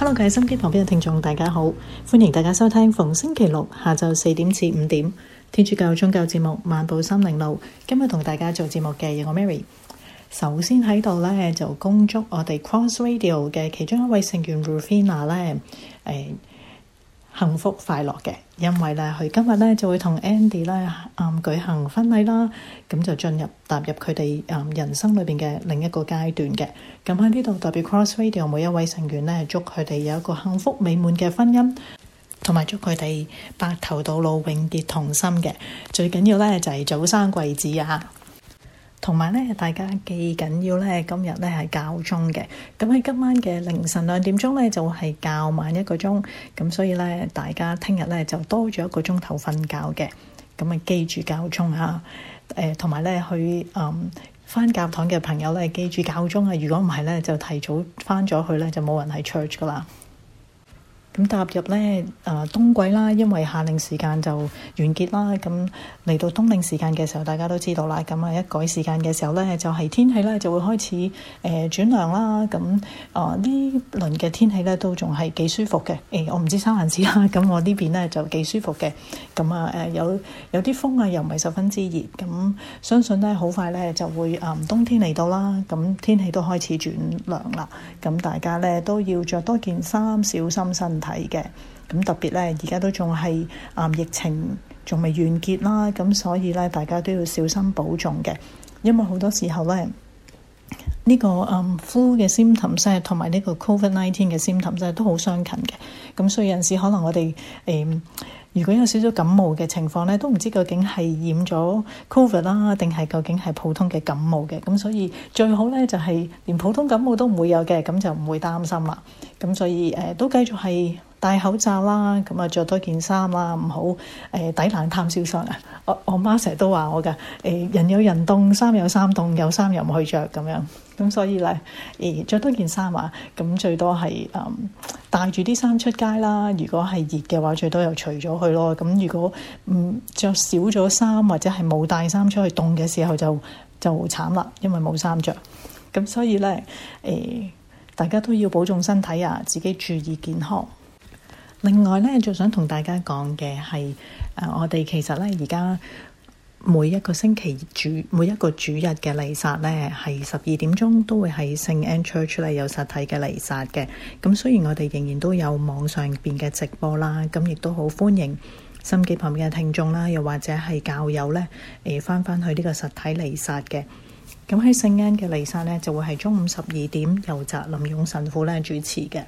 Hello，喺收音機旁邊嘅聽眾，大家好，歡迎大家收聽逢星期六下晝四點至五點天主教宗教節目《漫步心靈路》。今日同大家做節目嘅有我 Mary，首先喺度呢，就恭祝我哋 Cross Radio 嘅其中一位成員 Rufina 呢。誒、哎。幸福快樂嘅，因為咧佢今日咧就會同 Andy 咧、嗯舉行婚禮啦，咁、嗯、就進入踏入佢哋嗯人生裏邊嘅另一個階段嘅。咁喺呢度代表 Cross Radio 每一位成員咧，祝佢哋有一個幸福美滿嘅婚姻，同埋祝佢哋白頭到老，永結同心嘅。最緊要咧就係、是、早生貴子啊！同埋咧，大家記緊要咧，今日咧係教鐘嘅。咁喺今晚嘅凌晨兩點鐘咧，就係、是、教晚一個鐘。咁所以咧，大家聽日咧就多咗一個鐘頭瞓覺嘅。咁啊、呃呢去呃教堂朋友呢，記住教鐘啊。誒，同埋咧去誒返教堂嘅朋友咧，記住教鐘啊。如果唔係咧，就提早返咗去咧，就冇人喺 church 噶啦。咁踏入咧，誒、呃、冬季啦，因為夏令時間就完結啦。咁嚟到冬令時間嘅時候，大家都知道啦。咁啊，一改時間嘅時候咧，就係、是、天氣咧就會開始誒轉涼啦。咁啊，呃、輪呢輪嘅天氣咧都仲係幾舒服嘅。誒、欸，我唔知三藩市啦，咁我邊呢邊咧就幾舒服嘅。咁啊，誒、呃、有有啲風啊，又唔係十分之熱。咁相信咧，好快咧就會誒、呃、冬天嚟到啦。咁天氣都開始轉涼啦。咁大家咧都要着多件衫，小心身。睇嘅，咁特別咧，而家都仲係啊，疫情仲未完結啦，咁所以咧，大家都要小心保重嘅，因為好多時候咧，呢個嗯 flu 嘅 symptoms 同埋呢個 covid nineteen 嘅 symptoms 都好相近嘅，咁所以有陣時可能我哋誒。嗯如果有少少感冒嘅情況咧，都唔知究竟係染咗 Covid 啦，定係究竟係普通嘅感冒嘅，咁所以最好咧就係、是、連普通感冒都唔會有嘅，咁就唔會擔心啦。咁所以誒、呃、都繼續係戴口罩啦，咁啊着多件衫啦，唔好誒抵冷貪瀟湘啊！我我媽成日都話我㗎誒、呃、人有人凍，衫有衫凍，有衫又唔去着咁樣。咁所以咧，誒、欸、著多件衫啊！咁最多係誒帶住啲衫出街啦。如果係熱嘅話，最多又除咗佢咯。咁如果唔著、嗯、少咗衫，或者係冇帶衫出去，凍嘅時候就就慘啦，因為冇衫着。咁所以咧，誒、欸、大家都要保重身體啊，自己注意健康。另外咧，仲想同大家講嘅係誒，我哋其實咧而家。每一個星期主每一個主日嘅彌撒呢，係十二點鐘都會喺聖安 Church 出嚟有實體嘅彌撒嘅。咁雖然我哋仍然都有網上邊嘅直播啦，咁亦都好歡迎心機旁邊嘅聽眾啦，又或者係教友呢，誒翻翻去呢個實體彌撒嘅。咁喺聖安嘅彌撒呢，就會係中午十二點由澤林勇神父呢主持嘅。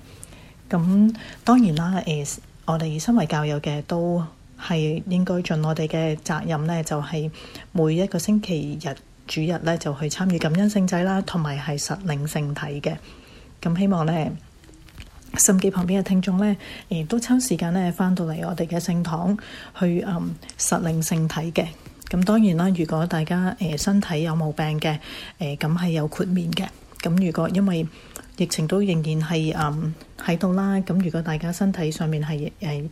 咁當然啦，誒、呃、我哋身為教友嘅都。係應該盡我哋嘅責任呢就係、是、每一個星期日、主日呢就去參與感恩聖祭啦，同埋係實領聖體嘅。咁希望呢，甚至旁邊嘅聽眾呢，誒、呃、都抽時間呢返到嚟我哋嘅聖堂去，嗯實領聖體嘅。咁當然啦，如果大家誒、呃、身體有毛病嘅，誒咁係有豁免嘅。咁如果因為疫情都仍然係喺度啦，咁、嗯、如果大家身體上面係誒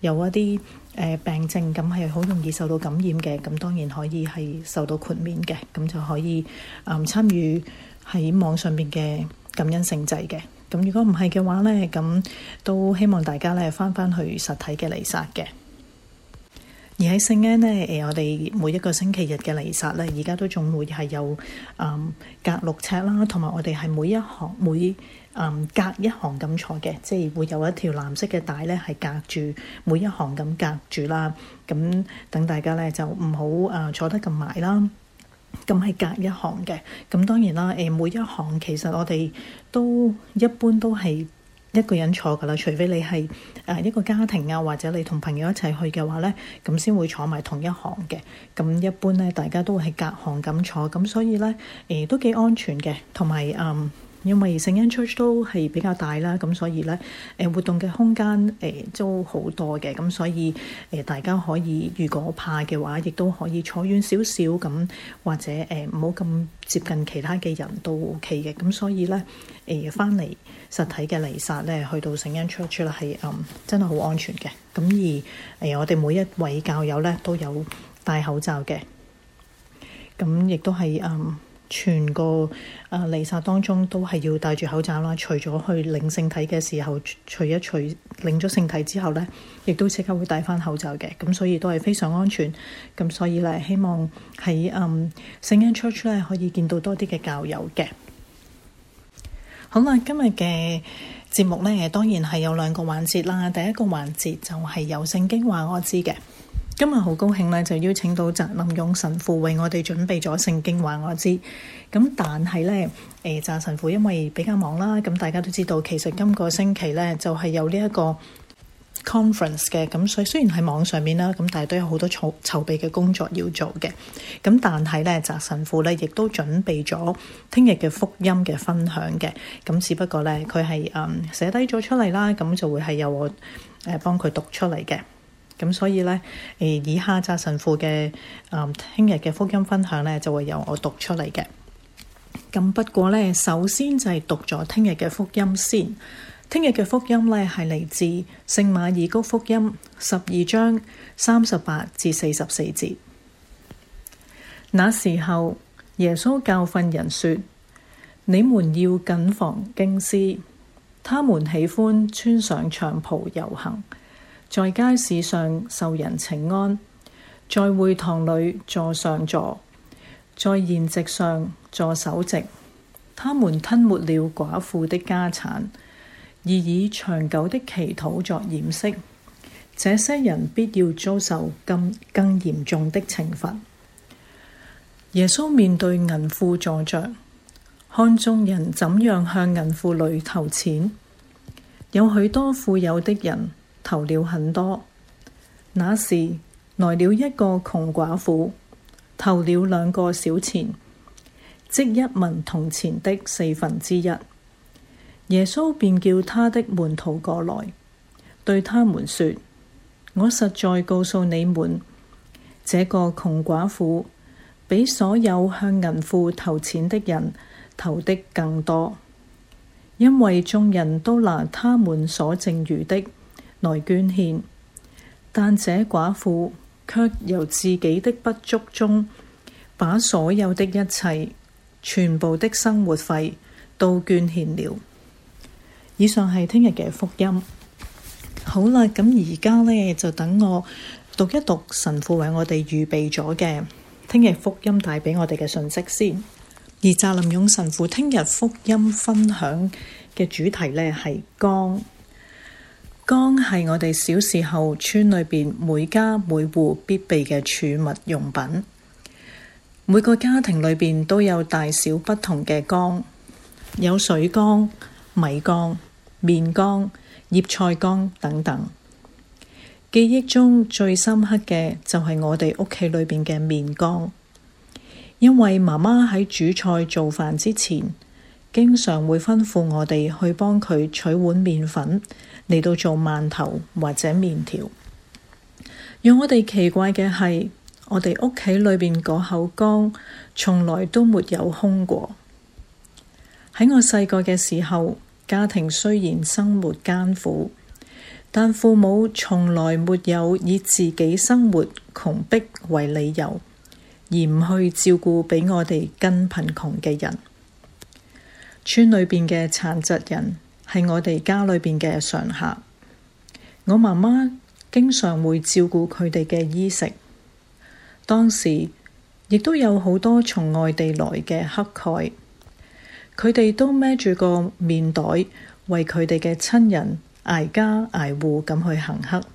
有一啲。誒病症咁係好容易受到感染嘅，咁當然可以係受到豁免嘅，咁就可以誒參與喺網上邊嘅感恩聖祭嘅。咁如果唔係嘅話呢，咁都希望大家呢翻返去實體嘅彌撒嘅。而喺聖經呢，誒我哋每一個星期日嘅彌撒呢，而家都仲會係有誒、嗯、隔六尺啦，同埋我哋係每一行每。隔一行咁坐嘅，即係會有一條藍色嘅帶呢，係隔住每一行咁隔住啦。咁等大家呢，就唔好誒坐得咁埋啦。咁係隔一行嘅。咁當然啦，誒每一行其實我哋都一般都係一個人坐㗎啦。除非你係誒一個家庭啊，或者你同朋友一齊去嘅話呢，咁先會坐埋同一行嘅。咁一般呢，大家都會係隔行咁坐。咁所以呢，誒都幾安全嘅，同埋嗯。因為聖恩 church 都係比較大啦，咁所以咧誒活動嘅空間誒都好多嘅，咁所以誒、呃、大家可以如果怕嘅話，亦都可以坐遠少少咁，或者誒唔好咁接近其他嘅人都 O K 嘅，咁所以咧誒翻嚟實體嘅彌撒咧，去到聖恩 church 係嗯真係好安全嘅，咁而誒、呃、我哋每一位教友咧都有戴口罩嘅，咁亦都係嗯。全個啊離曬當中都係要戴住口罩啦，除咗去領聖體嘅時候，除一除領咗聖體之後呢，亦都即刻會戴翻口罩嘅，咁所以都係非常安全。咁所以呢，希望喺嗯聖經出 h u 可以見到多啲嘅教友嘅。好啦，今日嘅節目呢，當然係有兩個環節啦。第一個環節就係有聖經話我知嘅。今日好高興咧，就邀請到澤林勇神父，為我哋準備咗聖經話我知。咁但係咧，誒、呃、澤神父因為比較忙啦，咁大家都知道，其實今個星期咧就係、是、有呢一個 conference 嘅，咁所以雖然喺網上面啦，咁但係都有好多籌籌備嘅工作要做嘅。咁但係咧，澤神父咧亦都準備咗聽日嘅福音嘅分享嘅。咁只不過咧，佢係誒寫低咗出嚟啦，咁就會係由我誒幫佢讀出嚟嘅。咁所以呢，誒以哈扎神父嘅誒聽日嘅福音分享呢，就會由我讀出嚟嘅。咁不過呢，首先就係讀咗聽日嘅福音先。聽日嘅福音呢，係嚟自聖馬爾谷福音十二章三十八至四十四節。那時候，耶穌教訓人說：你們要謹防經師，他們喜歡穿上長袍遊行。在街市上受人請安，在會堂裏坐上座，在筵席上坐首席。他們吞沒了寡婦的家產，而以，以長久的祈禱作掩飾。這些人必要遭受更更嚴重的懲罰。耶穌面對銀庫坐着看眾人怎樣向銀庫裏投錢，有許多富有的人。投了很多。那時來了一個窮寡婦，投了兩個小錢，即一文銅錢的四分之一。耶穌便叫他的門徒過來，對他們說：我實在告訴你們，這個窮寡婦比所有向銀庫投錢的人投的更多，因為眾人都拿他們所剩餘的。來捐獻，但這寡婦却由自己的不足中，把所有的一切，全部的生活費都捐獻了。以上係聽日嘅福音。好啦，咁而家呢，就等我讀一讀神父為我哋預備咗嘅聽日福音帶畀我哋嘅信息先。而澤林勇神父聽日福音分享嘅主題呢，係光。缸係我哋小時候村裏邊每家每戶必備嘅儲物用品。每個家庭裏邊都有大小不同嘅缸，有水缸、米缸、麵缸、醃菜缸等等。記憶中最深刻嘅就係我哋屋企裏邊嘅麵缸，因為媽媽喺煮菜做飯之前，經常會吩咐我哋去幫佢取碗麵粉。嚟到做饅頭或者麵條，讓我哋奇怪嘅係，我哋屋企裏邊嗰口缸從來都沒有空過。喺我細個嘅時候，家庭雖然生活艱苦，但父母從來沒有以自己生活窮逼為理由，而唔去照顧比我哋更貧窮嘅人，村裏邊嘅殘疾人。係我哋家裏邊嘅常客，我媽媽經常會照顧佢哋嘅衣食。當時亦都有好多從外地來嘅乞丐，佢哋都孭住個麵袋，為佢哋嘅親人挨家挨戶咁去行乞。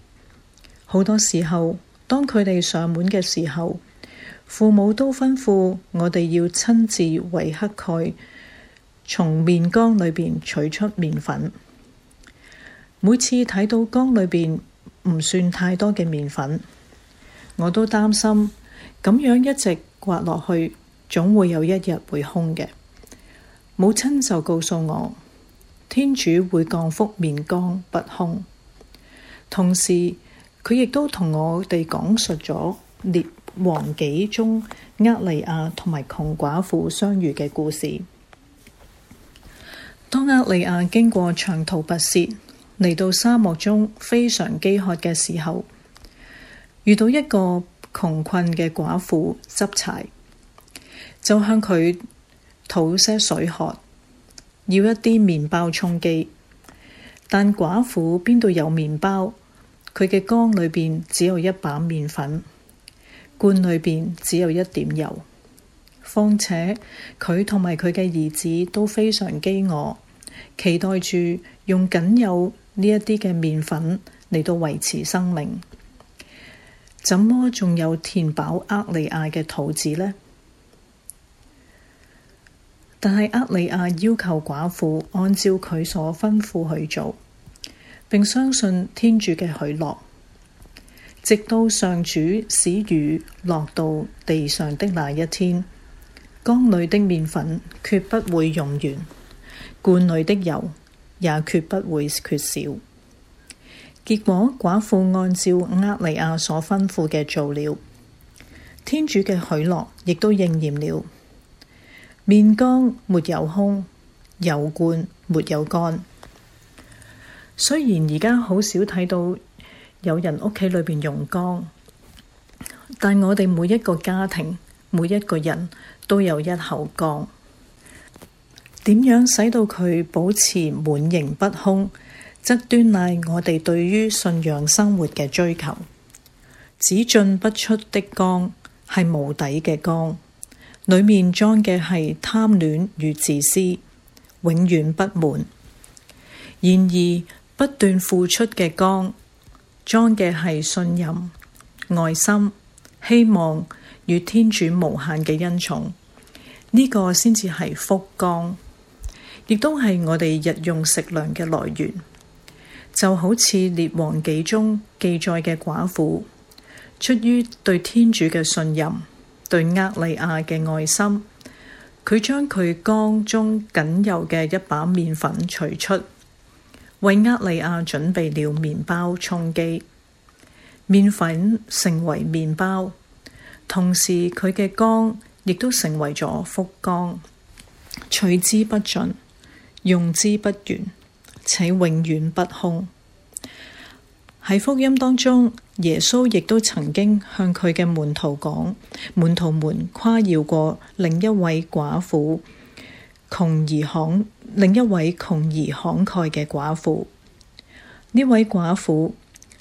好多時候，當佢哋上門嘅時候，父母都吩咐我哋要親自為乞丐。從麵缸裏邊取出麵粉，每次睇到缸裏邊唔算太多嘅麵粉，我都擔心咁樣一直刮落去，總會有一日會空嘅。母親就告訴我，天主會降福麵缸不空，同時佢亦都同我哋講述咗列王紀中厄利亞同埋窮寡婦相遇嘅故事。當厄利亞經過長途跋涉嚟到沙漠中，非常飢渴嘅時候，遇到一個窮困嘅寡婦執柴，就向佢討些水喝，要一啲麵包充飢。但寡婦邊度有麵包？佢嘅缸裏邊只有一把麵粉，罐裏邊只有一點油。況且佢同埋佢嘅兒子都非常飢餓。期待住用僅有呢一啲嘅麵粉嚟到維持生命，怎麼仲有填飽厄利亞嘅肚子呢？但係厄利亞要求寡婦按照佢所吩咐去做，並相信天主嘅許諾，直到上主使雨落到地上的那一天，缸裏的麵粉決不會用完。罐裏的油也決不會缺少。結果寡婦按照厄利亞所吩咐嘅做了，天主嘅許諾亦都應驗了。麵缸沒有空，油罐沒有乾。雖然而家好少睇到有人屋企裏邊用缸，但我哋每一個家庭、每一個人都有一口缸。點樣使到佢保持滿盈不空，則端賴我哋對於信仰生活嘅追求。只進不出的缸係無底嘅缸，裏面裝嘅係貪戀與自私，永遠不滿。然而不斷付出嘅缸，裝嘅係信任、愛心、希望與天主無限嘅恩寵，呢、這個先至係福缸。亦都係我哋日用食糧嘅來源，就好似《列王記》中記載嘅寡婦，出於對天主嘅信任、對厄利亞嘅愛心，佢將佢缸中僅有嘅一把麵粉取出，為厄利亞準備了麵包充飢。麵粉成為麵包，同時佢嘅缸亦都成為咗福缸，取之不盡。用之不完，且永遠不空。喺福音當中，耶穌亦都曾經向佢嘅門徒講，門徒們誇耀過另一位寡婦，窮而慷，另一位窮而慷慨嘅寡婦。呢位寡婦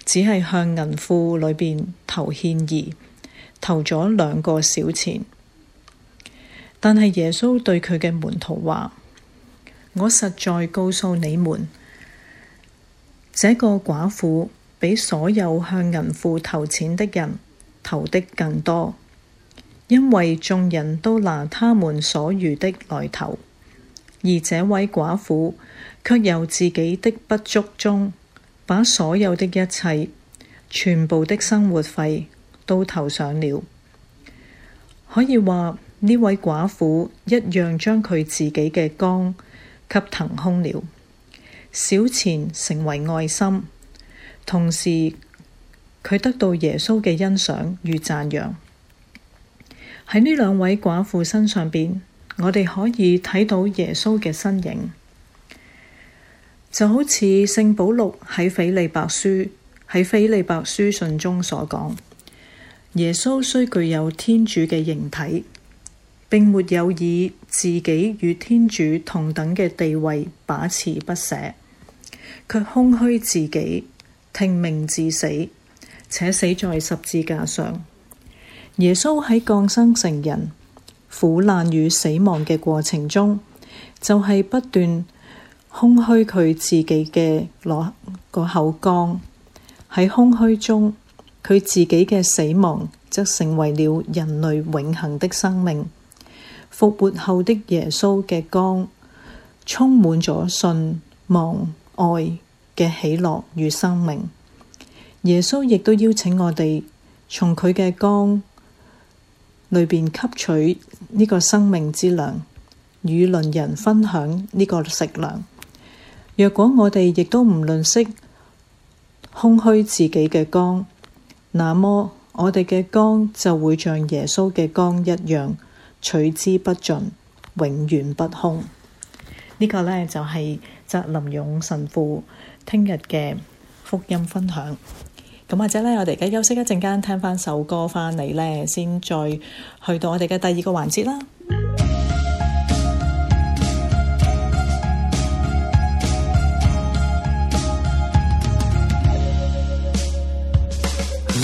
只係向銀庫裏邊投獻二，投咗兩個小錢，但係耶穌對佢嘅門徒話。我實在告訴你們，這個寡婦比所有向銀庫投錢的人投的更多，因為眾人都拿他們所餘的來投，而這位寡婦卻由自己的不足中把所有的一切、全部的生活費都投上了。可以話呢位寡婦一樣將佢自己嘅光。給騰空了，小錢成為愛心，同時佢得到耶穌嘅欣賞與讚揚。喺呢兩位寡婦身上邊，我哋可以睇到耶穌嘅身影，就好似聖保祿喺斐理伯書喺斐理伯書信中所講，耶穌雖具有天主嘅形體，並沒有以自己與天主同等嘅地位把持不捨，卻空虛自己，聽命至死，且死在十字架上。耶穌喺降生成人、苦難與死亡嘅過程中，就係、是、不斷空虛佢自己嘅攞個口缸，喺空虛中，佢自己嘅死亡則成為了人類永恆的生命。復活後的耶穌嘅光，充滿咗信望愛嘅喜樂與生命。耶穌亦都邀請我哋從佢嘅光裏邊吸取呢個生命之糧，與鄰人分享呢個食糧。若果我哋亦都唔吝惜空虛自己嘅光，那麼我哋嘅光就會像耶穌嘅光一樣。取之不盡，永遠不空。呢個呢，就係澤林勇神父聽日嘅福音分享。咁或者呢，我哋而家休息一陣間，聽翻首歌翻嚟呢，先再去到我哋嘅第二個環節啦。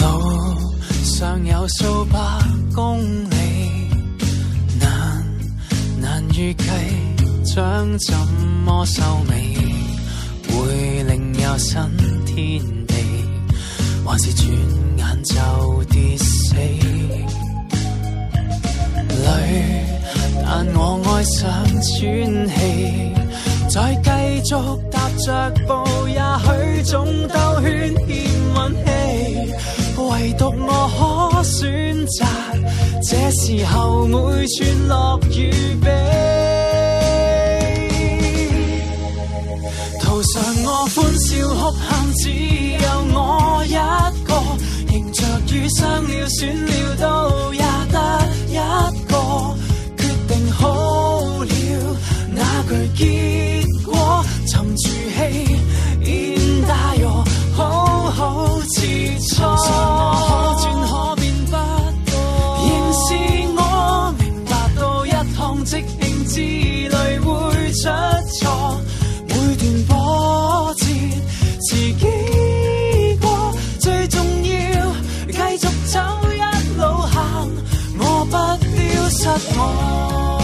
路上有數百公里。 預計將怎麼收尾，會另有新天地，還是轉眼就跌死？累，但我愛上喘氣，再繼續踏着步，也許總兜圈欠運氣。唯獨我可選擇，這時候每寸樂與悲。途上我歡笑哭喊，只有我一個。迎着雨傷了損了都也得一個。決定好了，那句結果沉住氣，現大勇。好似錯，期望可轉可變不過，仍是我明白到一趟即興之旅會出錯，每段波折自己過，最重要繼續走一路行，我不丟失我。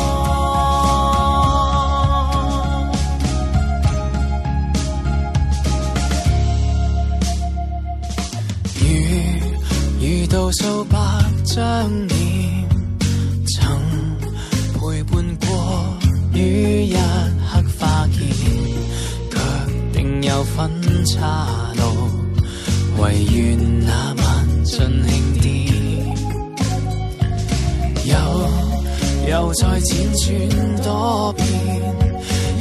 相念曾陪伴過於一刻花見，卻定有分岔路。唯願那晚盡興啲，又又再輾轉多。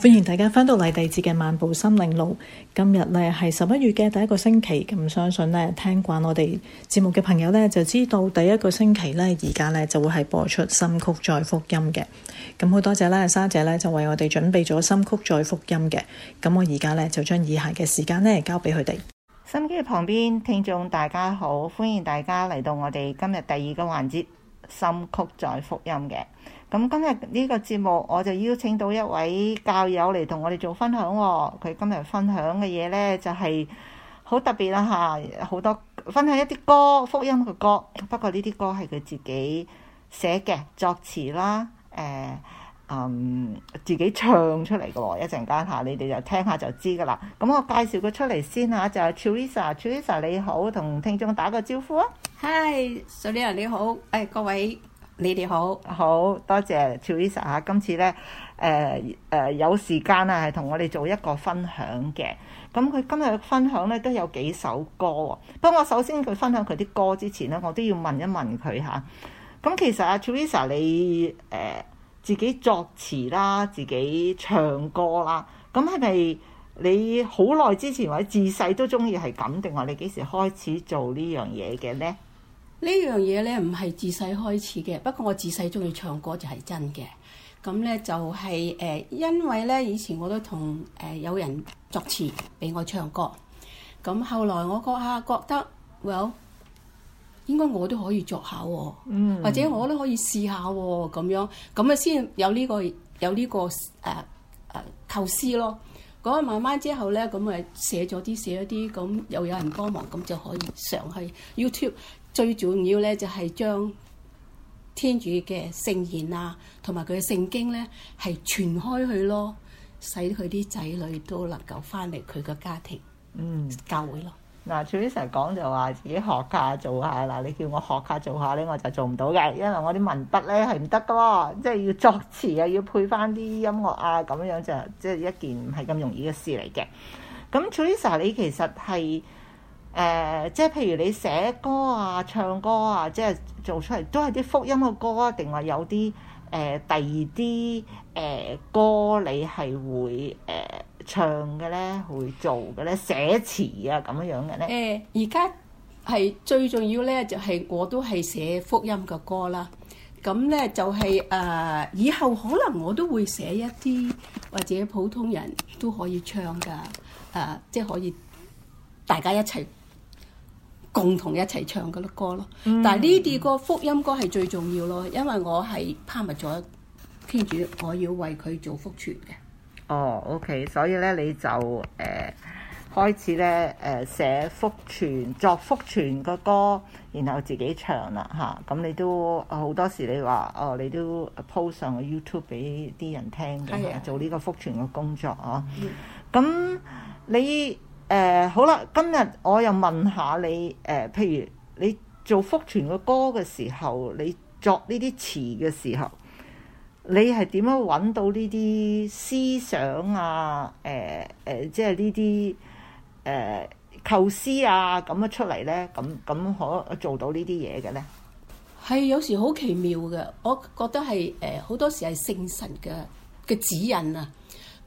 歡迎大家返到黎，第二節嘅漫步心靈路。今日咧係十一月嘅第一個星期，咁相信咧聽慣我哋節目嘅朋友咧就知道第一個星期咧而家咧就會係播出心曲再福音嘅。咁好多謝啦，莎姐咧就為我哋準備咗心曲再福音嘅。咁我而家咧就將以下嘅時間咧交俾佢哋。心機旁邊聽眾大家好，歡迎大家嚟到我哋今日第二個環節心曲再福音嘅。咁今日呢個節目，我就邀請到一位教友嚟同我哋做分享喎、哦。佢今日分享嘅嘢呢，就係、是、好特別啦、啊、嚇，好多分享一啲歌，福音嘅歌。不過呢啲歌係佢自己寫嘅作詞啦，誒、欸、嗯自己唱出嚟嘅喎。一陣間嚇，你哋就聽下就知㗎啦。咁我介紹佢出嚟先嚇、啊，就係、是、Teresa，Teresa 你好，同聽眾打個招呼啊。Hi，Sonia，你好，誒各位。你哋好好，多謝 Teresa 嚇，今次咧誒誒有時間啊，係同我哋做一個分享嘅。咁、嗯、佢今日分享咧都有幾首歌喎、哦。不過我首先佢分享佢啲歌之前咧，我都要問一問佢嚇。咁、嗯、其實阿、啊、Teresa 你誒、呃、自己作詞啦，自己唱歌啦，咁係咪你好耐之前或者自細都中意係咁定話你幾時開始做呢樣嘢嘅咧？呢樣嘢咧唔係自細開始嘅，不過我自細中意唱歌就係真嘅。咁咧就係誒，因為咧以前我都同誒有人作詞俾我唱歌。咁後來我覺下覺得，well 應該我都可以作下喎，或者我都可以試下喎咁樣。咁啊先有呢個有呢個誒誒構思咯。咁啊慢慢之後咧，咁啊寫咗啲寫咗啲，咁又有人幫忙，咁就可以上去 YouTube。最重要咧就係、是、將天主嘅聖言啊，同埋佢嘅聖經咧，係傳開去咯，使佢啲仔女都能夠翻嚟佢個家庭，嗯，教會咯。嗱，Teresa 講就話自己學下做下，嗱，你叫我學下做下咧，我就做唔到嘅，因為我啲文筆咧係唔得噶喎，即係要作詞啊，要配翻啲音樂啊，咁樣就即係一件唔係咁容易嘅事嚟嘅。咁，Teresa，你其實係？誒、呃，即係譬如你寫歌啊、唱歌啊，即係做出嚟都係啲福音嘅歌啊，定話有啲誒、呃、第二啲誒、呃、歌你係會誒、呃、唱嘅咧，會做嘅咧，寫詞啊咁樣樣嘅咧。誒、呃，而家係最重要咧，就係我都係寫福音嘅歌啦。咁咧就係、是、誒、呃，以後可能我都會寫一啲或者普通人都可以唱㗎，誒、呃，即係可以大家一齊。共同，同一齊唱嗰啲歌咯，但係呢啲歌，嗯、福音歌係最重要咯，因為我係拋埋咗天主，我要為佢做福傳嘅。哦，OK，所以咧你就誒、呃、開始咧誒、呃、寫福傳、作福傳個歌，然後自己唱啦吓，咁、啊、你都好多時你話哦，你都 post 上個 YouTube 俾啲人聽嘅，的做呢個福傳嘅工作哦。咁、啊嗯、你。誒、uh，好啦，今日我又問下你，誒、呃、譬如你做福傳嘅歌嘅時候，你作呢啲詞嘅時候，你係點樣揾到呢啲思想啊？誒、呃、誒、呃，即係呢啲誒構思啊，咁樣出嚟咧？咁咁可做到呢啲嘢嘅咧？係有時好奇妙嘅，我覺得係誒好多時係聖神嘅嘅指引啊！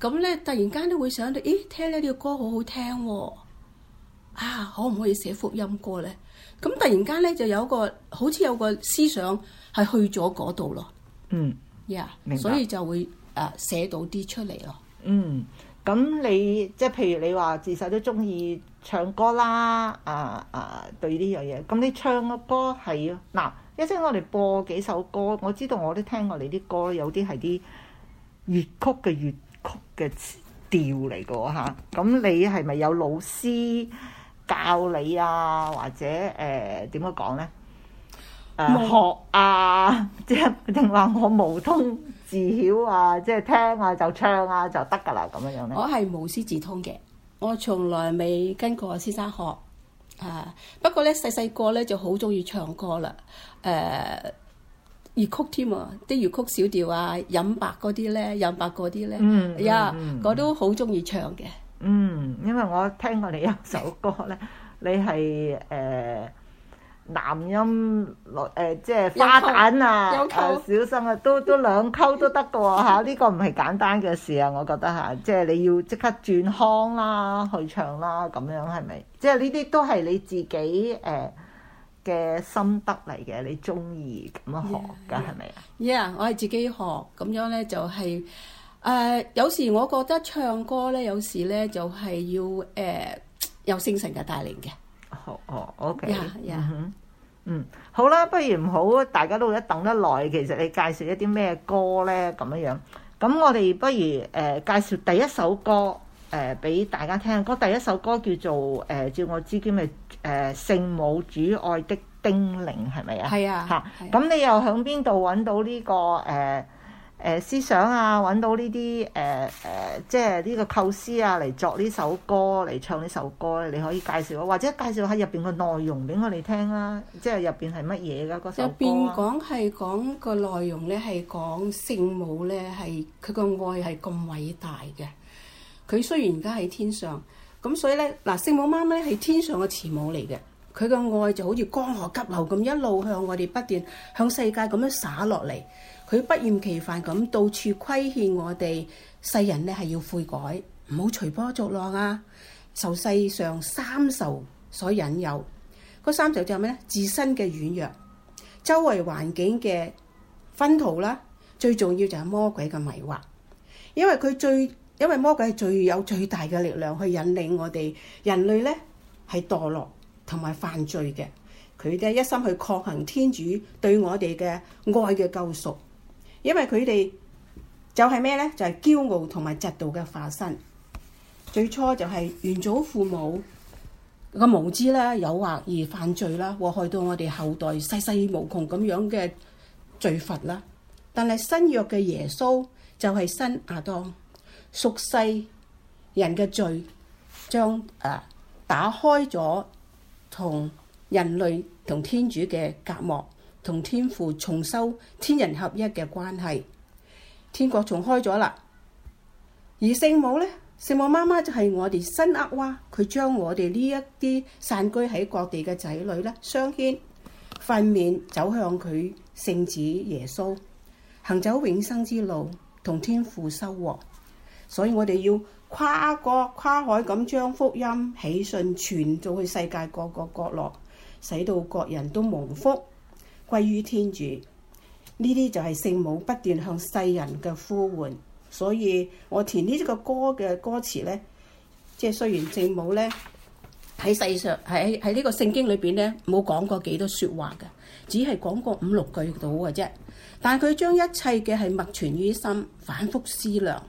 咁咧，突然間都會想到，咦、哎？聽呢啲歌好好聽喎、哦，啊，可唔可以寫福音歌咧？咁突然間咧，就有個好似有個思想係去咗嗰度咯。嗯，呀 Yeah,，明，所以就會誒寫到啲出嚟咯。嗯，咁你即係譬如你話自細都中意唱歌啦，啊啊，對呢樣嘢。咁你唱嘅歌係嗱，一陣我嚟播幾首歌，我知道我都聽過你啲歌，有啲係啲粵曲嘅粵曲嘅調嚟嘅喎嚇，咁、啊、你係咪有老師教你啊？或者誒點樣講咧？呃呢呃、沒 學啊，即係定話我無通自曉啊？即、就、係、是、聽啊就唱啊就得㗎啦咁樣樣咧？我係無師自通嘅，我從來未跟過先生學啊。不過咧細細個咧就好中意唱歌啦，誒、啊。粵曲添喎，啲粵曲小調啊，飲白嗰啲咧，飲白嗰啲咧，呀，我都好中意唱嘅。嗯，因為我聽過你一首歌咧， 你係誒、呃、男音落誒、呃，即係花旦啊，呃、小生啊，都都兩溝都得嘅喎吓，呢個唔係簡單嘅事啊，我覺得吓、啊，即係你要即刻轉腔啦、啊，去唱啦、啊，咁樣係咪？即係呢啲都係你自己誒。呃嘅心得嚟嘅，你中意咁樣學噶係咪啊？yeah，我係自己學咁樣咧，就係、是、誒、呃、有時我覺得唱歌咧，有時咧就係、是、要誒、呃、有精神嘅帶領嘅。好，好，OK。yeah，嗯，好啦，不如唔好，大家都一等得耐，其實你介紹一啲咩歌咧咁樣樣，咁我哋不如誒、呃、介紹第一首歌。誒俾、呃、大家聽，第一首歌叫做誒、呃，照我之叫咪誒聖母主愛的叮鈴，係咪啊？係啊！嚇、啊，咁你又響邊度揾到呢、呢個誒誒、呃呃、思想啊？揾到呢啲誒誒，即係呢個構思啊，嚟作呢首歌嚟唱呢首歌咧？你可以介紹，或者介紹下入邊、啊、個內容俾我哋聽啦。即係入邊係乜嘢㗎？嗰首歌入邊講係講個內容咧，係講聖母咧，係佢個愛係咁偉大嘅。佢雖然而家喺天上，咁所以咧，嗱聖母媽媽係天上嘅慈母嚟嘅，佢嘅愛就好似江河急流咁一路向我哋不斷向世界咁樣灑落嚟，佢不厭其煩咁到處規勸我哋世人咧係要悔改，唔好隨波逐浪啊，受世上三仇所引誘。嗰三仇就係咩咧？自身嘅軟弱、周圍環境嘅糞土啦，最重要就係魔鬼嘅迷惑，因為佢最。因為魔鬼係最有最大嘅力量去引領我哋人類呢係墮落同埋犯罪嘅，佢哋一心去抗衡天主對我哋嘅愛嘅救贖。因為佢哋就係咩呢？就係驕傲同埋嫉妒嘅化身。最初就係原祖父母嘅無知啦、誘惑而犯罪啦，禍害到我哋後代世世無窮咁樣嘅罪罰啦。但係新約嘅耶穌就係新亞當。贖世人嘅罪，將誒、啊、打開咗同人類同天主嘅隔膜，同天父重修天人合一嘅關係，天國重開咗啦。而聖母呢，聖母媽媽就係我哋新厄娃，佢將我哋呢一啲散居喺各地嘅仔女咧，相牽、訓練，走向佢聖子耶穌，行走永生之路，同天父收穫。所以我哋要跨國跨海咁將福音喜訊傳到去世界各個角落，使到各人都蒙福歸於天主。呢啲就係聖母不斷向世人嘅呼喚。所以我填呢個歌嘅歌詞呢，即係雖然聖母呢喺世上喺喺呢個聖經裏邊呢，冇講過幾多説話嘅，只係講過五六句到嘅啫。但佢將一切嘅係默存於心，反覆思量。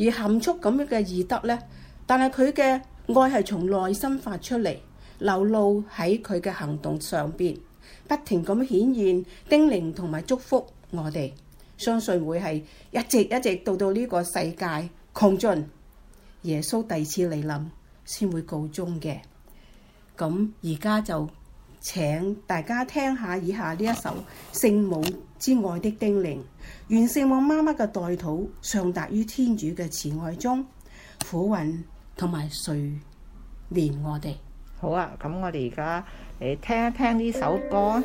而含蓄咁樣嘅義德咧，但係佢嘅愛係從內心發出嚟，流露喺佢嘅行動上邊，不停咁顯現叮嚀同埋祝福我哋，相信會係一直一直到到呢個世界窮盡，耶穌第二次嚟臨先會告終嘅。咁而家就請大家聽下以下呢一首《聖母之愛的叮嚀》。願聖母媽媽嘅代禱上達於天主嘅慈愛中，苦勳同埋垂念我哋。好啊，咁我哋而家嚟聽一聽呢首歌。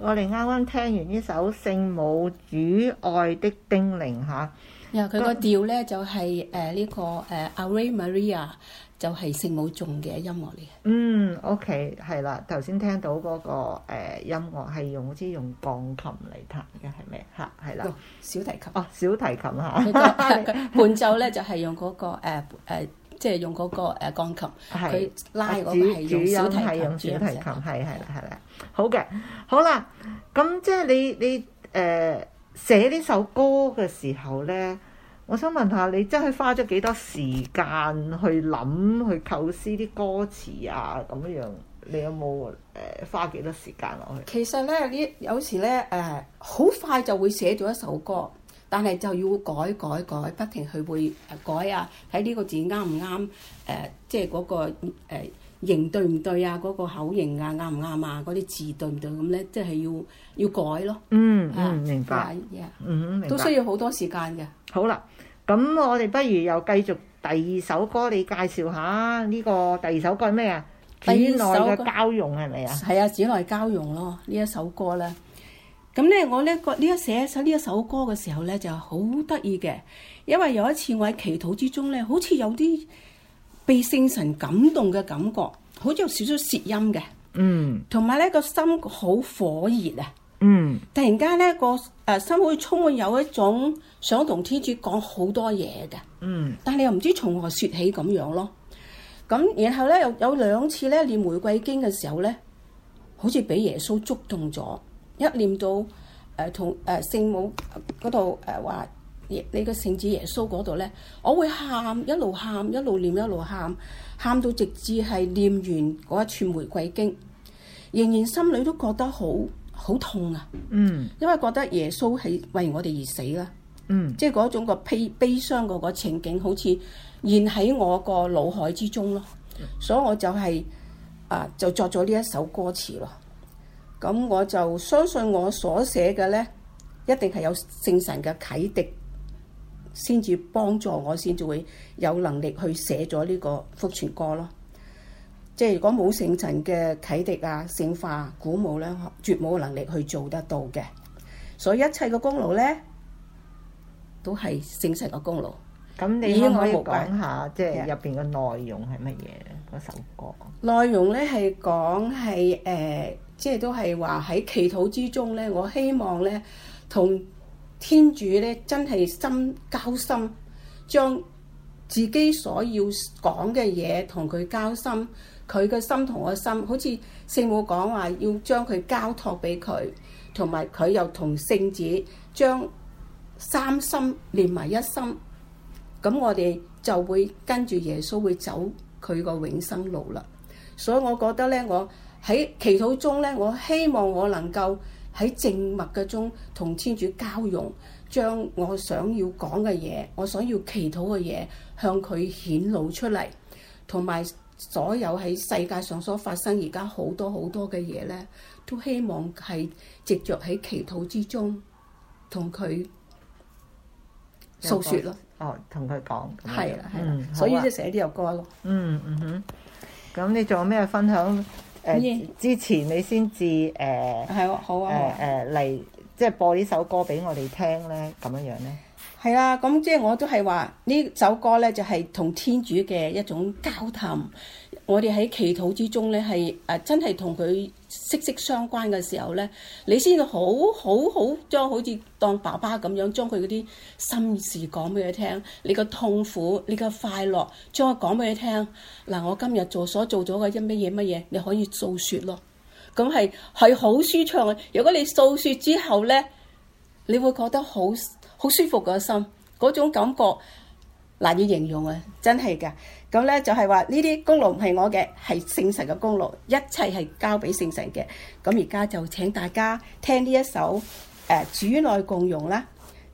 我哋啱啱聽完呢首聖母主愛的叮嚀吓，然後佢個調咧就係誒呢個誒、啊、Ave Maria 就係聖母頌嘅音樂嚟。啊、嗯，OK，係啦，頭先聽到嗰、那個誒、呃、音樂係用好似用鋼琴嚟彈嘅係咪？吓，係啦，小提琴哦，小提琴吓，伴奏咧就係、是、用嗰、那個誒誒。啊啊即係用嗰個誒鋼琴，佢拉嗰個係用小提琴，係係啦係啦。好嘅，好啦，咁即係你你誒、呃、寫呢首歌嘅時候咧，我想問下你，真係花咗幾多時間去諗去構思啲歌詞啊咁樣？你有冇誒花幾多時間落去？其實咧，啲有時咧誒，好、呃、快就會寫到一首歌。但係就要改改改，不停佢會誒改啊，睇呢個字啱唔啱？誒、呃，即係嗰個誒、呃、形對唔對啊？嗰、那個口型啊，啱唔啱啊？嗰啲字對唔對咁、啊、咧？即係要要改咯。嗯。嗯，明白。啊、yeah, 嗯，明白。都需要好多時間嘅。好啦，咁我哋不如又繼續第二首歌，你介紹下呢、這個第二首歌係咩啊？第二首歌。寺內嘅交融係咪啊？係啊，寺內交融咯，呢一首歌咧。咁咧，我咧個呢一寫一首呢一首，首歌嘅時候咧，就好得意嘅。因為有一次我喺祈禱之中咧，好似有啲被聖神感動嘅感覺，好似有少少舌音嘅。嗯。同埋咧個心好火熱啊。嗯。突然間咧個誒、啊、心會充滿有一種想同天主講好多嘢嘅。嗯。但係又唔知從何説起咁樣咯。咁然後咧又有，有兩次咧念玫瑰經嘅時候咧，好似俾耶穌觸動咗。一念到誒、呃、同誒、呃、聖母嗰度誒話，耶、呃、你個聖子耶穌嗰度咧，我會喊，一路喊，一路念，一路喊，喊到直至係念完嗰一串玫瑰經，仍然心裏都覺得好好痛啊！嗯，因為覺得耶穌係為我哋而死啦、啊。嗯，即係嗰種個悲悲傷個個情景，好似現喺我個腦海之中咯。所以我就係、是、啊、呃，就作咗呢一首歌詞咯。咁我就相信我所寫嘅咧，一定係有聖神嘅啟迪，先至幫助我，先至會有能力去寫咗呢個福傳歌咯。即係如果冇聖神嘅啟迪啊、聖化、鼓舞咧，絕冇能力去做得到嘅。所以一切嘅功勞咧，都係聖神嘅功勞。咁你可唔可以講下即係入邊嘅內容係乜嘢嗰首歌？內容咧係講係誒。即係都係話喺祈禱之中咧，我希望咧同天主咧真係心交心，將自己所要講嘅嘢同佢交心，佢嘅心同我心，好似聖母講話要將佢交託俾佢，同埋佢又同聖子將三心連埋一心，咁我哋就會跟住耶穌會走佢個永生路啦。所以我覺得咧，我喺祈禱中咧，我希望我能夠喺靜默嘅中同天主交融，將我想要講嘅嘢，我想要祈禱嘅嘢向佢顯露出嚟，同埋所有喺世界上所發生而家好多好多嘅嘢咧，都希望係藉著喺祈禱之中同佢訴説咯。哦，同佢講。係啦，係啦。嗯啊、所以即係寫啲又歌咯。嗯嗯哼，咁你仲有咩分享？之前你先至，誒係好啊，誒嚟、呃呃、即係播呢首歌俾我哋聽，咧咁樣樣咧係啊。咁即係我都係話呢首歌咧就係、是、同天主嘅一種交談，我哋喺祈禱之中咧係誒真係同佢。息息相關嘅時候呢，你先要好好好將好似當爸爸咁樣，將佢嗰啲心事講俾佢聽，你個痛苦，你個快樂，將佢講俾佢聽。嗱，我今日做所做咗嘅一乜嘢乜嘢，你可以訴説咯。咁係係好舒暢嘅。如果你訴説之後呢，你會覺得好好舒服個心，嗰種感覺難以形容啊！真係噶。咁咧就係話呢啲功勞唔係我嘅，係聖神嘅功勞，一切係交俾聖神嘅。咁而家就請大家聽呢一首誒、呃、主內共融啦。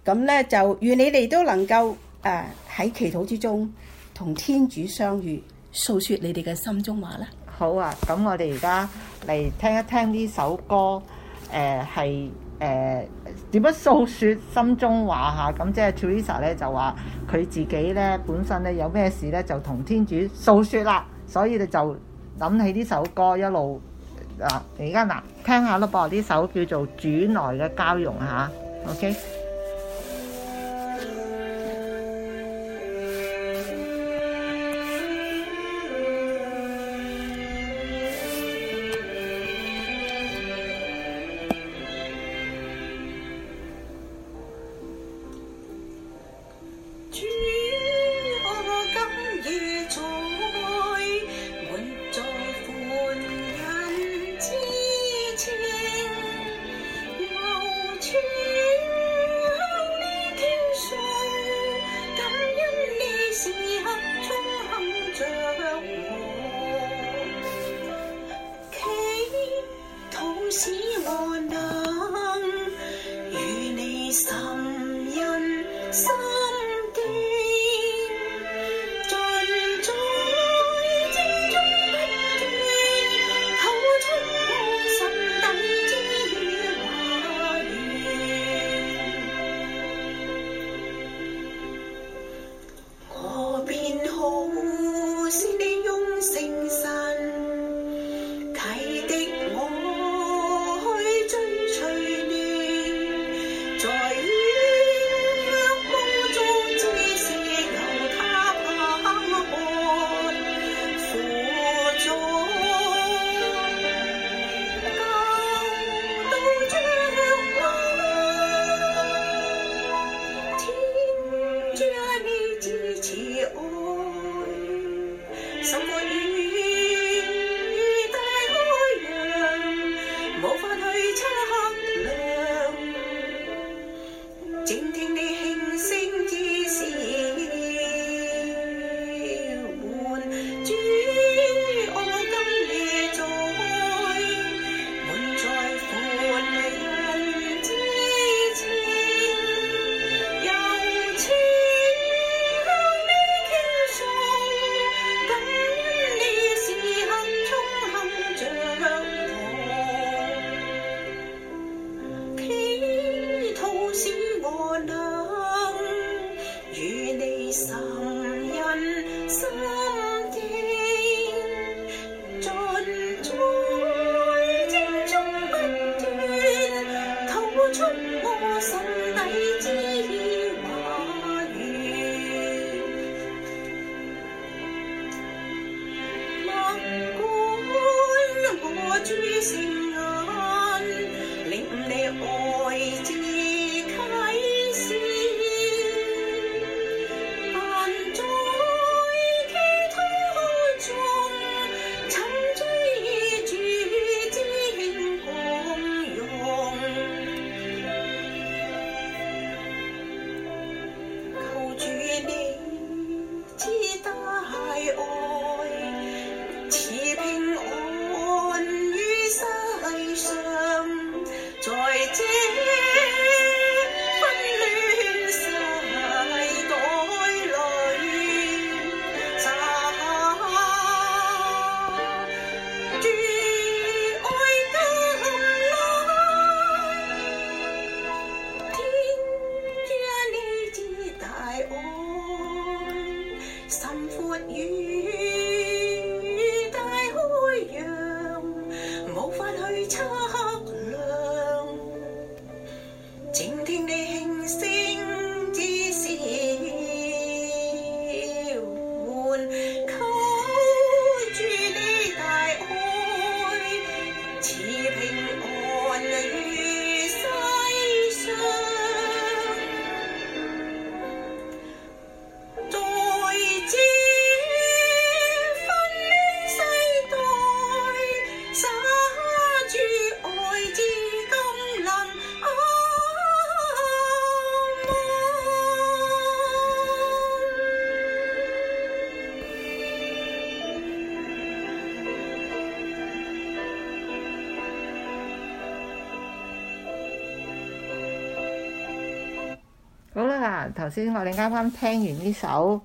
咁咧就願你哋都能夠誒喺祈禱之中同天主相遇，訴説你哋嘅心中話啦。好啊，咁我哋而家嚟聽一聽呢首歌，誒係誒。只不訴説心中話嚇，咁即係 Teresa 咧就話佢自己咧本身咧有咩事咧就同天主訴説啦，所以咧就諗起呢首歌一路啊，而家嗱聽下咯，噃呢首叫做主內嘅交融嚇，啊，OK。頭先我哋啱啱聽完呢首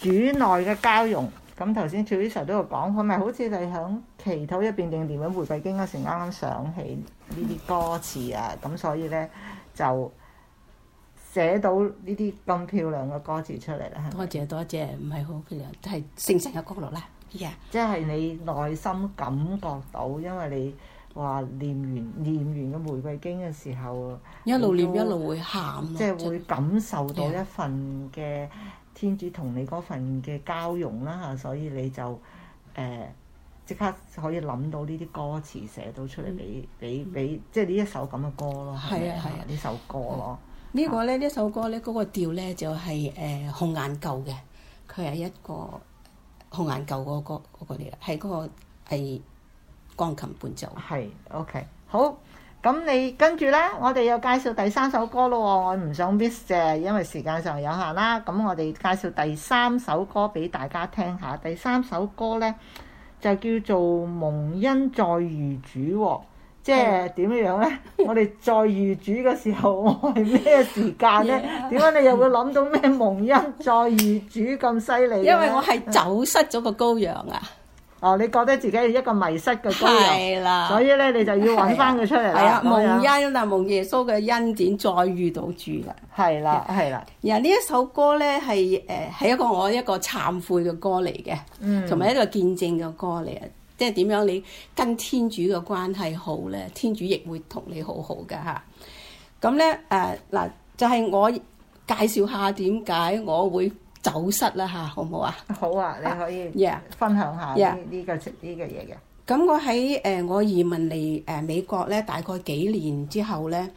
主內嘅交融，咁頭先 Chief Sir 都有講，可咪好似你響祈禱一邊定點響唸玫瑰經嗰時啱啱想起呢啲歌詞啊，咁所以咧就寫到呢啲咁漂亮嘅歌詞出嚟啦。多謝多謝，唔係好漂亮，係聖神嘅歌樂啦。Yeah. 即係你內心感覺到，因為你。話唸完唸完嘅《玫瑰經》嘅時候，一路念都一路會喊、啊，即係會感受到一份嘅的天主同你嗰份嘅交融啦、啊、嚇，所以你就誒即、呃、刻可以諗到呢啲歌詞寫到出嚟俾俾俾，即係呢一首咁嘅歌咯，係啊係啊，呢的的首歌咯。呢個咧，呢首歌咧，嗰、那個調咧就係、是、誒、呃、紅眼舊嘅，佢係一個紅眼舊嘅歌嗰個嚟嘅，係嗰、那個鋼琴伴奏係，OK 好。咁你跟住呢，我哋又介紹第三首歌咯。我唔想 miss 啫，因為時間上有限啦。咁我哋介紹第三首歌俾大家聽下。第三首歌呢，就叫做蒙恩再遇主，即係點樣呢？ 我哋再遇主嘅時候，我係咩時間呢？點解 Yeah. 你又會諗到咩蒙恩再遇主咁犀利？ 因為我係走失咗個羔羊啊！哦，你覺得自己係一個迷失嘅羔羊，的所以咧你就要揾返佢出嚟啦。的的蒙恩嗱，的蒙耶穌嘅恩典再遇到主啦。係啦，係啦。然後呢一首歌咧係誒係一個我一個懺悔嘅歌嚟嘅，同埋、嗯、一個見證嘅歌嚟。即係點樣？你跟天主嘅關係好咧，天主亦會同你好好㗎吓。咁咧誒嗱，就係、是、我介紹下點解我會。走失啦吓，好唔好啊？好啊，你可以分享下呢呢、啊 yeah, yeah. 呢個呢、呢個嘢嘅。咁我喺誒我移民嚟誒美國咧，大概幾年之後咧，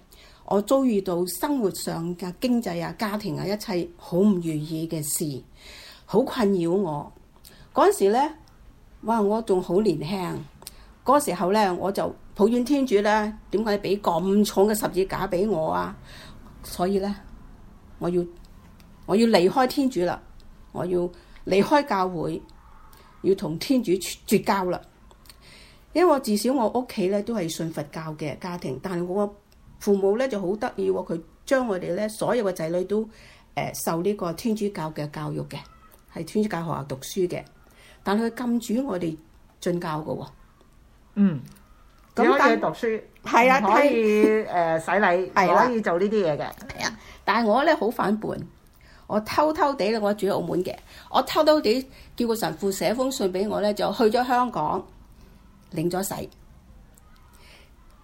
我遭遇到生活上嘅經濟啊、家庭啊一切好唔如意嘅事，好困擾我。嗰陣時咧，哇！我仲好年輕，嗰時候咧我就抱怨天主咧，點解你俾咁重嘅十字架俾我啊？所以咧，我要。我要離開天主啦！我要離開教會，要同天主絕交啦！因為我至少我屋企咧都係信佛教嘅家庭，但係我父母咧就好得意喎。佢將我哋咧所有嘅仔女都誒受呢個天主教嘅教育嘅，係天主教學校讀書嘅，但係佢禁住我哋進教㗎喎。嗯，有嘢那讀書係那啊，可以誒洗禮，係、啊啊、可以做呢啲嘢嘅。係啊，啊，但係我咧好反叛。我偷偷地咧，我住喺澳門嘅。我偷偷地叫個神父寫封信俾我咧，就去咗香港，領咗洗。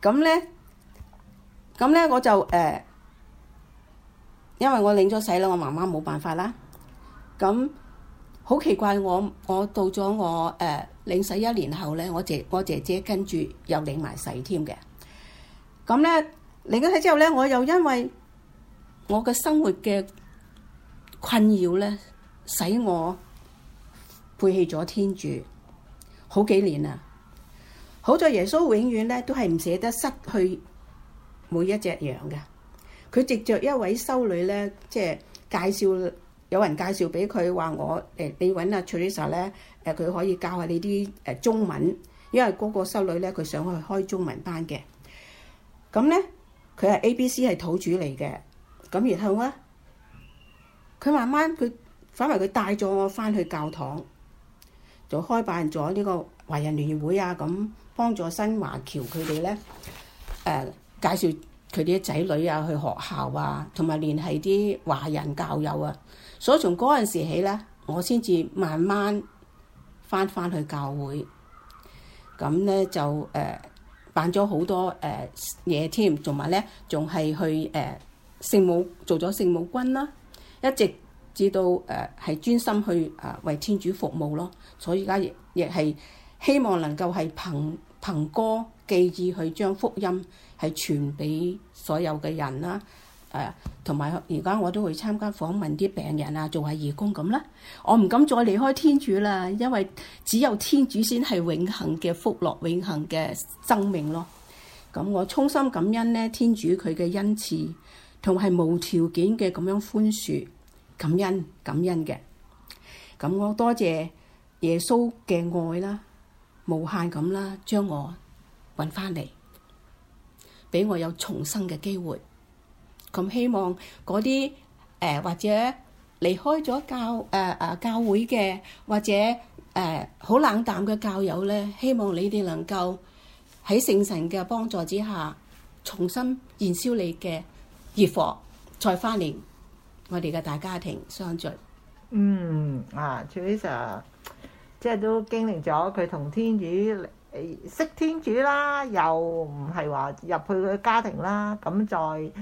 咁咧，咁咧我就誒、呃，因為我領咗洗啦，我媽媽冇辦法啦。咁好奇怪，我我到咗我誒、呃、領洗一年後咧，我姐我姐姐跟住又領埋洗添嘅。咁咧領咗洗之後咧，我又因為我嘅生活嘅。困擾咧，使我背棄咗天主好幾年啊！好在耶穌永遠咧都係唔捨得失去每一隻羊嘅。佢藉着一位修女咧，即係介紹有人介紹俾佢話我誒，你揾阿 Teresa 咧誒，佢可以教下你啲誒中文，因為嗰個修女咧佢想去開中文班嘅。咁咧佢係 A B C 係土主嚟嘅，咁然後咧。佢慢慢，佢反為佢帶咗我翻去教堂，就開辦咗呢個華人聯誼會啊，咁幫助新華僑佢哋咧。誒介紹佢哋啲仔女啊去學校啊，同埋聯繫啲華人教友啊。所以從嗰陣時起咧，我先至慢慢翻翻去教會。咁咧就誒、uh, 辦咗好多誒嘢添，同埋咧仲係去誒、uh, 聖母做咗聖母軍啦、啊。一直至到誒係、啊、專心去誒、啊、為天主服務咯，所以而家亦亦係希望能夠係憑憑歌寄意去將福音係傳俾所有嘅人啦、啊，誒同埋而家我都會參加訪問啲病人啊，做下義工咁啦。我唔敢再離開天主啦，因為只有天主先係永恆嘅福樂、永恆嘅生命咯。咁我衷心感恩咧，天主佢嘅恩賜。同係無條件嘅咁樣寬恕，感恩感恩嘅。咁，我多謝耶穌嘅愛啦，無限咁啦，將我揾翻嚟，俾我有重生嘅機會。咁希望嗰啲誒或者離開咗教誒誒、呃、教會嘅或者誒好、呃、冷淡嘅教友咧，希望你哋能夠喺聖神嘅幫助之下重新燃燒你嘅。熱火再翻嚟，我哋嘅大家庭相聚。嗯啊，Lisa 即係都經歷咗佢同天主，識天主啦，又唔係話入去佢嘅家庭啦，咁再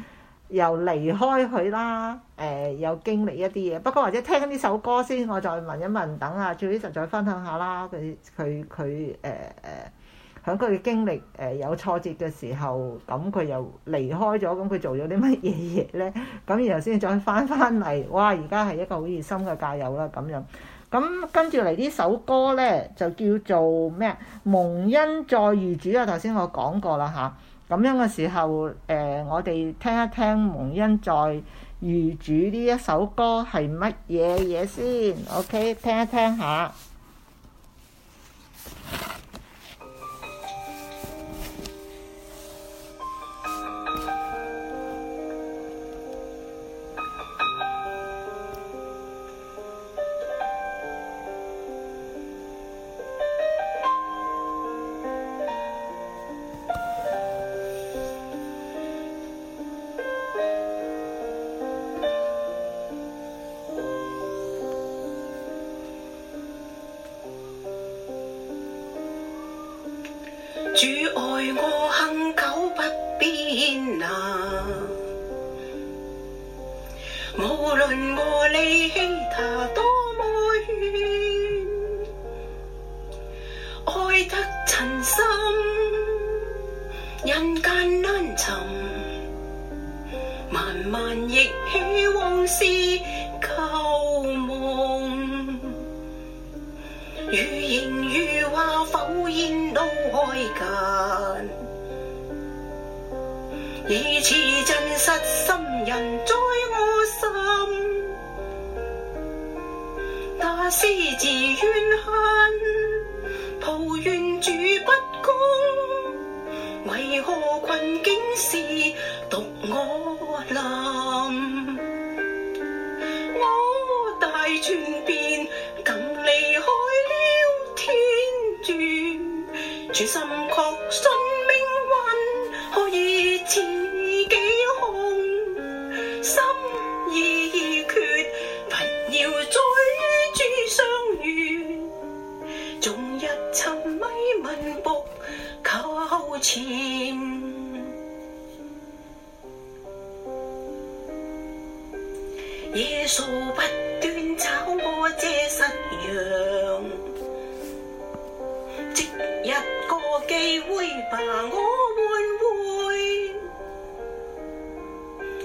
又離開佢啦。誒、呃，又經歷一啲嘢。不過或者聽呢首歌先，我再問一問，等下 Lisa 再分享下啦。佢佢佢誒誒。等佢嘅經歷誒有挫折嘅時候，咁佢又離開咗，咁佢做咗啲乜嘢嘢呢？咁然後先再返返嚟，哇！而家係一個好熱心嘅教友啦，咁樣。咁跟住嚟呢首歌呢，就叫做咩？蒙恩再遇主啊！頭先我講過啦吓，咁樣嘅時候，誒、呃、我哋聽一聽蒙恩再遇主呢一首歌係乜嘢嘢先？OK，聽一聽一下。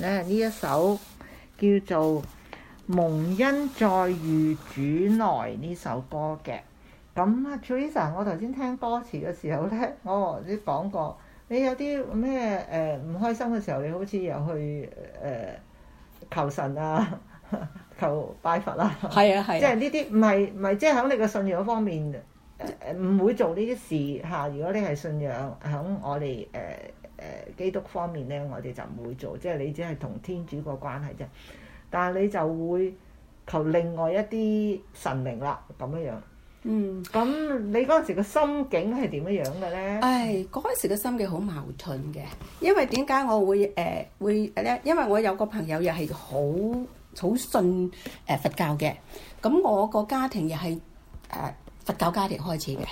呢一首叫做《蒙恩再遇主內》呢首歌嘅。咁啊，Teresa，我頭先聽歌詞嘅時候呢，我啲講過，你有啲咩誒唔開心嘅時候，你好似又去誒、呃、求神啊，求拜佛啊。係啊係。即係呢啲唔係唔係，即係喺你嘅信仰方面唔、呃、會做呢啲事嚇、啊。如果你係信仰喺我哋誒。呃誒基督方面咧，我哋就唔會做，即係你只係同天主個關係啫。但係你就會求另外一啲神明啦，咁樣樣。嗯，咁你嗰陣時個心境係點樣樣嘅咧？唉、哎，嗰陣時個心境好矛盾嘅，因為點解我會誒、呃、會咧？因為我有個朋友又係好好信誒佛教嘅，咁我個家庭又係誒佛教家庭開始嘅。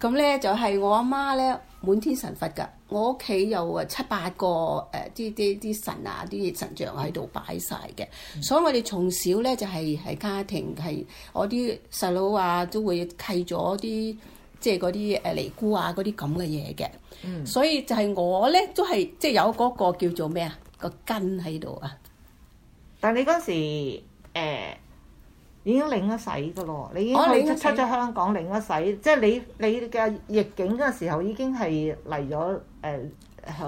咁咧、嗯、就係、是、我阿媽咧，滿天神佛噶，我屋企有誒七八個誒啲啲啲神啊啲神像喺度擺晒嘅，嗯、所以我哋從小咧就係、是、係家庭係我啲細佬啊都會契咗啲即係嗰啲誒尼姑啊嗰啲咁嘅嘢嘅，嗯、所以就係我咧都係即係有嗰個叫做咩啊個根喺度啊。但係你嗰時誒。呃已經領咗洗噶咯，你已經去出咗香港領咗洗，即係你你嘅逆境嗰陣時候已經係嚟咗誒。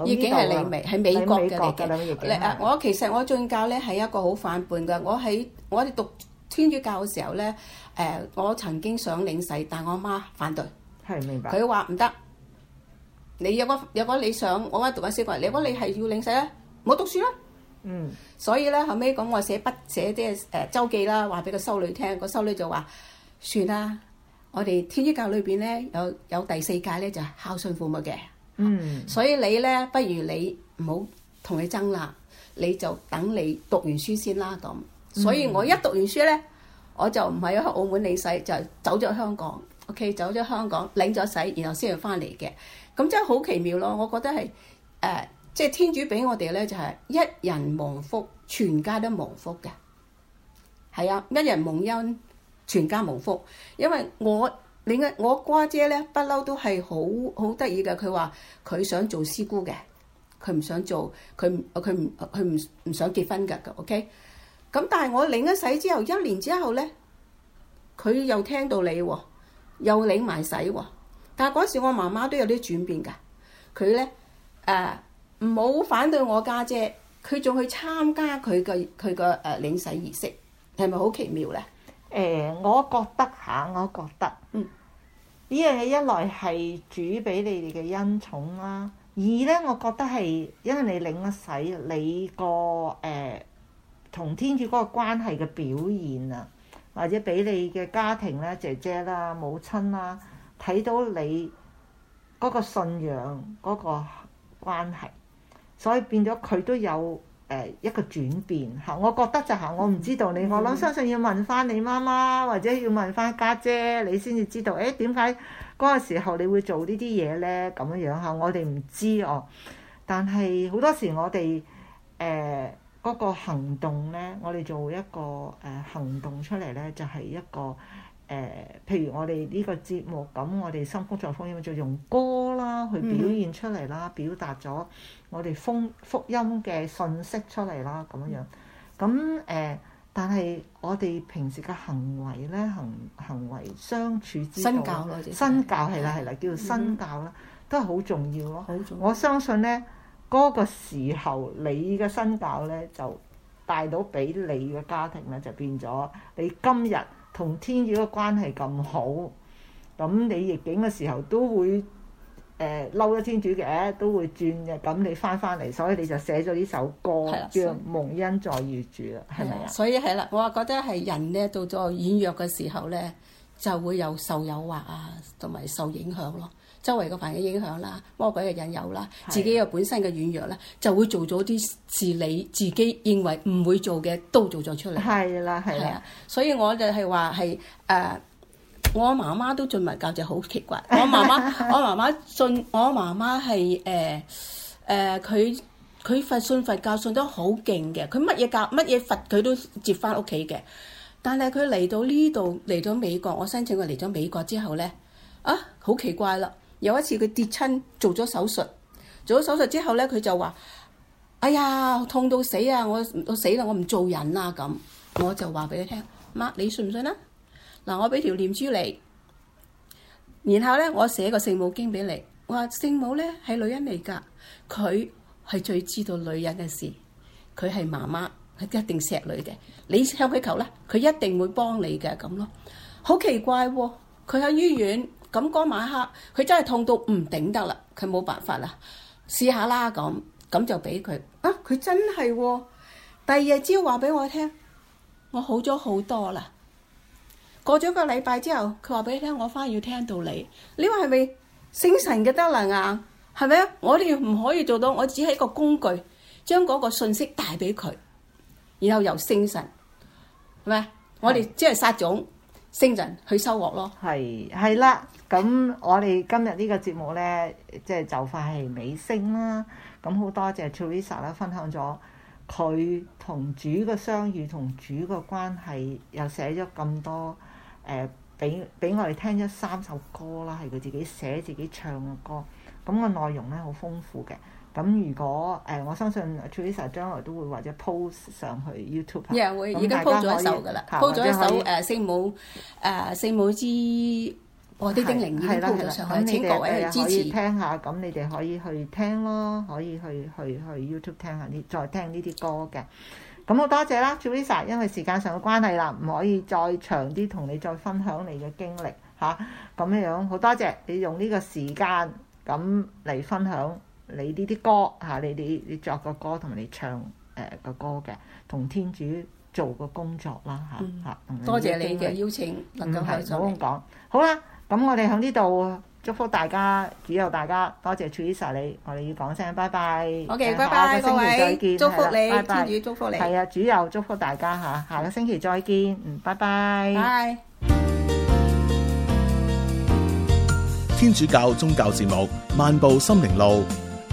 逆境係你未喺美國嘅嚟嘅。誒，的的我其實我進教咧係一個好反叛㗎。我喺我哋讀天主教嘅時候咧，誒、呃，我曾經想領洗，但我阿媽反對。係明白。佢話唔得，你有個有個你想，我話讀緊書嘅，你如果你係要領洗咧，冇讀書啦。嗯，所以咧後尾咁我寫筆寫啲誒、呃、周記啦，話俾個修女聽，個修女就話：算啦，我哋天主教裏邊咧有有第四戒咧就係、孝順父母嘅。嗯、啊，所以你咧不如你唔好同佢爭啦，你就等你讀完書先啦咁。所以我一讀完書咧，嗯、我就唔係喺澳門領洗，就係、走咗香港。OK，走咗香港領咗洗，然後先去翻嚟嘅。咁真係好奇妙咯！我覺得係誒。呃即係天主俾我哋咧，就係、是、一人亡福，全家都亡福嘅。係啊，一人蒙恩，全家無福。因為我領嘅我瓜姐咧，不嬲都係好好得意嘅。佢話佢想做師姑嘅，佢唔想做，佢唔佢唔佢唔唔想結婚㗎。噶 OK 咁，但係我領咗洗之後一年之後咧，佢又聽到你喎、哦，又領埋洗喎、哦。但係嗰時我媽媽都有啲轉變㗎，佢咧誒。啊唔好反對我家姐，姐，佢仲去參加佢嘅佢嘅誒領洗儀式，係咪好奇妙呢？誒、欸，我覺得嚇、啊，我覺得，嗯，呢樣嘢一來係主俾你哋嘅恩寵啦，二呢，我覺得係因為你領洗，你個誒、欸、同天主嗰個關係嘅表現啊，或者俾你嘅家庭咧、姐姐啦、母親啦睇到你嗰個信仰嗰、嗰個關係。所以變咗佢都有誒一個轉變嚇，我覺得就係我唔知道你，我諗相信要問翻你媽媽或者要問翻家姐，姐，你先至知道誒點解嗰個時候你會做呢啲嘢咧，咁樣樣嚇，我哋唔知哦。但係好多時我哋誒嗰個行動咧，我哋做一個誒、呃、行動出嚟咧，就係、係、一個。誒，譬如我哋呢個節目咁、嗯，我哋深福在福音就用歌啦去表現出嚟啦，嗯、表達咗我哋福福音嘅信息出嚟啦，咁樣樣。咁、嗯、誒，但係、嗯、我哋平時嘅行為咧，行行為相處之後啊，身教係啦係啦，叫做身教啦，嗯、都係好重要咯。好、嗯、重我相信咧，嗰、那個時候你嘅身教咧，就帶到俾你嘅家庭咧，就變咗你今日。同天主嘅關係咁好，咁你逆境嘅時候都會誒嬲咗天主嘅，都會轉嘅。咁你翻翻嚟，所以你就寫咗呢首歌，叫的《蒙恩在遇主》啦的，係咪啊？的的所以係啦，我覺得係人咧到咗軟弱嘅時候咧，就會有受誘惑啊，同埋受影響咯。周圍個環境影響啦，魔鬼嘅引誘啦，自己嘅本身嘅軟弱啦，的就會做咗啲事你自己認為唔會做嘅，都做咗出嚟。係啦，係啊，所以我就係話係誒，我媽媽都信埋教就好奇怪。我媽媽， 我媽媽信，我媽媽係誒誒，佢、呃、佢佛信佛教信得好勁嘅，佢乜嘢教乜嘢佛佢都接翻屋企嘅。但係佢嚟到呢度嚟咗美國，我申請佢嚟咗美國之後咧，啊好奇怪啦！有一次佢跌親，做咗手術。做咗手術之後咧，佢就話：哎呀，痛到死啊！我我死啦，我唔做人啦咁。我就話俾佢聽：媽，你信唔信啊？嗱，我俾條念珠嚟，然後咧，我寫個聖母經俾你。我話聖母咧係女人嚟㗎，佢係最知道女人嘅事，佢係媽媽，係一定錫女嘅。你向佢求啦，佢一定會幫你嘅咁咯。好奇怪喎，哦，佢喺醫院。咁嗰晚黑，佢真係痛到唔頂得啦，佢冇辦法啦，試下啦咁，咁就俾佢。啊，佢真係、哦，第二日朝話俾我聽，我好咗好多啦。過咗一個禮拜之後，佢話俾你聽，我翻要聽道理。你話係咪聖神嘅德能啊？係咪啊？我哋唔可以做到，我只係一個工具，將嗰個信息帶俾佢，然後又「聖神，係咪？是我哋只係撒種。升進去收穫咯，係係啦。咁我哋今日呢個節目咧，即係就快係尾聲啦。咁好多謝 Travis 啦，分享咗佢同主嘅相遇，同主嘅關係，又寫咗咁多誒，俾、呃、俾我哋聽咗三首歌啦，係佢自己寫自己唱嘅歌。咁個內容咧，好豐富嘅。咁如果誒，我相信 Teresa 將來都會或者 post 上去 YouTube Yeah,。又會已經 po 咗一首㗎啦，post 咗一首誒《聖母誒聖母之我啲叮靈》已經 po 咗上，請各位去支持。聽下咁，你哋可以去聽咯，可以去去去，去 YouTube 聽下呢，再聽呢啲歌嘅。咁好多謝啦 Teresa 因為時間上嘅關係啦，唔可以再長啲同你再分享你嘅經歷嚇。咁、啊、樣好多謝你用呢個時間咁嚟分享。你呢啲歌嚇，你你你作個歌同埋你唱誒個歌嘅，同天主做個工作啦，嚇嚇。多謝你嘅邀請，嗯、能夠台上。好啦，咁我哋喺呢度祝福大家，主佑大家，多謝 Trisha 你，我哋要講聲拜拜。好嘅，拜拜，okay，拜拜各位，祝福你，拜拜天主佑祝，祝福大家，下個星期再見，拜拜。拜，拜。天主教宗教節目《漫步心靈路》。